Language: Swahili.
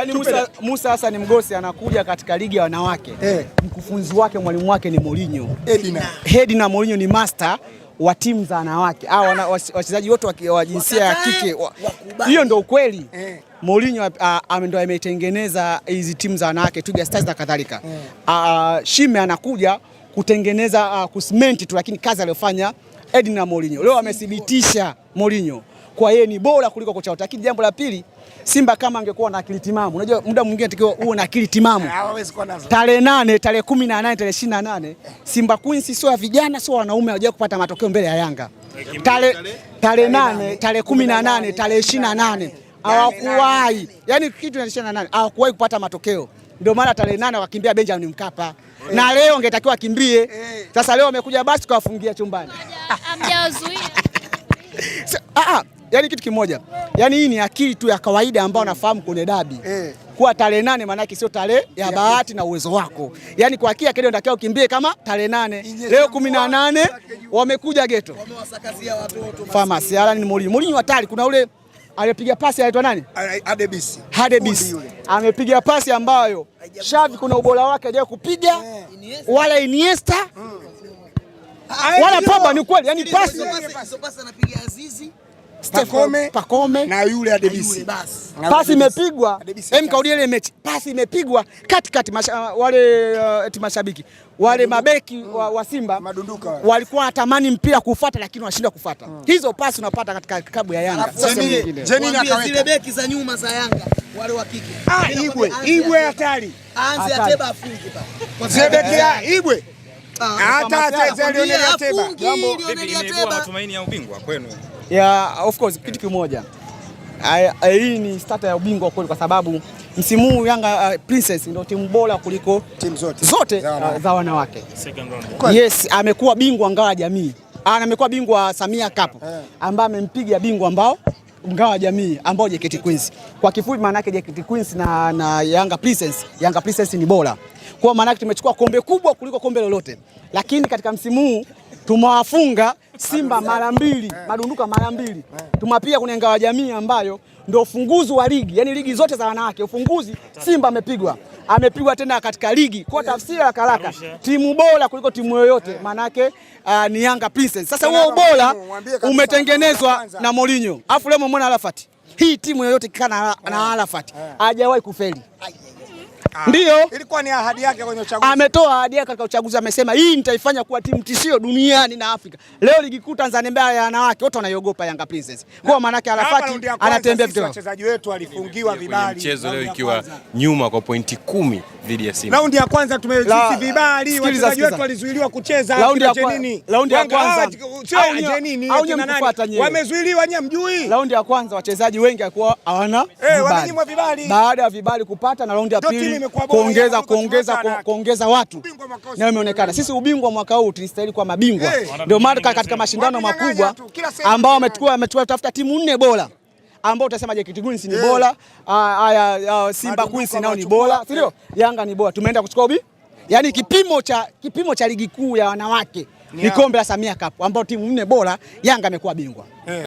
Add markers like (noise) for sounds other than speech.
Yaani Musa, Musa Hassan Mgosi anakuja katika ligi ya wanawake eh. Mkufunzi wake mwalimu wake ni Mourinho. Edina. Edina Mourinho ni master wa timu za wanawake wachezaji wote wa jinsia ya kike. Hiyo ndio ukweli eh. Mourinho ndio ametengeneza hizi timu za wanawake Twiga Stars na kadhalika eh. Shime anakuja kutengeneza uh, kusimenti tu, lakini kazi aliyofanya Edina Mourinho leo amethibitisha Mourinho kwa yeye ni bora kuliko kocha wote. Lakini jambo la pili, Simba kama angekuwa na akili timamu, unajua muda mwingine atakiwa uwe na akili timamu. hawezi ah, Tarehe nane, tarehe kumi na nane, tarehe ishirini na nane Simba Queens sio ya vijana, sio wanaume, hawajawahi kupata matokeo mbele ya Yanga. Tarehe nane, tarehe kumi na nane, tarehe ishirini na nane hawakuwahi yani kitu na ishirini na nane hawakuwahi kupata matokeo. Ndio maana tarehe nane wakimbia Benjamin Mkapa Na leo angetakiwa akimbie Sasa leo amekuja basi kawafungia chumbani. Amjawazuia. (laughs) Ah, ah yani kitu kimoja, yani hii ni akili tu ya kawaida ambayo nafahamu kwenye dabi eh, kuwa tarehe nane maanake sio tarehe ya bahati na uwezo wako, yani kwa akili kile natakiwa ukimbie kama tarehe nane. Leo kumi na nane wamekuja geto famasi alani Mourinho. Mourinho hatari, kuna ule alipiga pasi anaitwa nani? Hadebisi. Hadebisi Amepiga pasi ambayo Xavi kuna ubora wake hajawahi kupiga yeah. Wala Iniesta mm. Wala Pogba ni kweli, yani pasi Pakome, Pakome na yule Adebisi. Pasi imepigwa hem, kaudia ile mechi, pasi imepigwa kati kati masha, wale uh, eti mashabiki wale mabeki mm. wa, wa Simba madunduka walikuwa wanatamani mpira kufuata, lakini wanashindwa kufuata mm. hizo pasi unapata katika klabu ya Yanga. Jeni Zile beki za nyuma za Yanga wale wa kike, ah, Ibwe Ibwe hatari, aanze ateba afunge pa zile beki ya Ibwe ah. hata ateza Lionel Ateba, jambo Lionel Ateba, Tumaini ya ubingwa kwenu yeah, of course kitu kimoja hii ni starta ya ubingwa kweli, kwa sababu msimu huu Yanga uh, Princess ndio timu bora kuliko timu zote, zote za uh, wanawake. Yes, amekuwa bingwa ngawa ya Jamii, ah, amekuwa bingwa Samia Cup eh. ambaye amempiga bingwa ambao ngawa Jamii ambao JKT Queens. Kwa kifupi, maana yake JKT Queens na, na Yanga Princess, Yanga Princess ni bora kwa maana yake tumechukua kombe kubwa kuliko kombe lolote, lakini katika msimu huu tumewafunga Simba mara mbili, madunduka mara mbili, tumapia kwenye ngao ya jamii ambayo ndio ufunguzi wa ligi, yani ligi zote za wanawake ufunguzi, Simba amepigwa amepigwa tena katika ligi kwa tafsiri ya karaka, timu bora kuliko timu yoyote manake uh, ah, ni Yanga Princess. Sasa huo ubora umetengenezwa na Mourinho, afu leo umeona Arafat, hii timu yoyote kana na eh. Arafat hajawahi kufeli. Ah, Ndio ilikuwa ni ahadi yake kwenye uchaguzi. Ametoa ahadi yake katika uchaguzi, amesema hii nitaifanya kuwa timu tishio duniani na Afrika. Leo ligi kuu Tanzania bara ya wanawake wote wanaiogopa Yanga Princess, kwa maana yake Arafati anatembea vitu. Wachezaji wetu walifungiwa vibali, mchezo leo ikiwa nyuma kwa pointi kumi dhidi ya Simba. Raundi ya kwanza tumesisi vibali, wachezaji wetu walizuiliwa kucheza. Raundi ya kwanza, raundi ya kwanza. Sio ni Au ni nyewe. Wamezuiliwa nyewe mjui. Raundi ya kwanza wachezaji wengi hakuwa hawana Eh, wamenyimwa vibali. Baada ya vibali kupata na raundi ya pili kuongeza kuongeza kuongeza watu. Na imeonekana sisi ubingwa mwaka huu tunastahili kwa mabingwa. Eh. Ndio maana katika mashindano makubwa ambao amechukua amechukua tafuta timu nne bora ambao utasema je, Kitiguni si ni bora? Ah, haya, Simba Queens nao ni bora, si ndio? Yanga ni bora, tumeenda kuchukua ubi. Yaani kipimo cha kipimo cha ligi kuu ya wanawake ni kombe la Samia Cup, ambao timu nne bora Yanga amekuwa bingwa.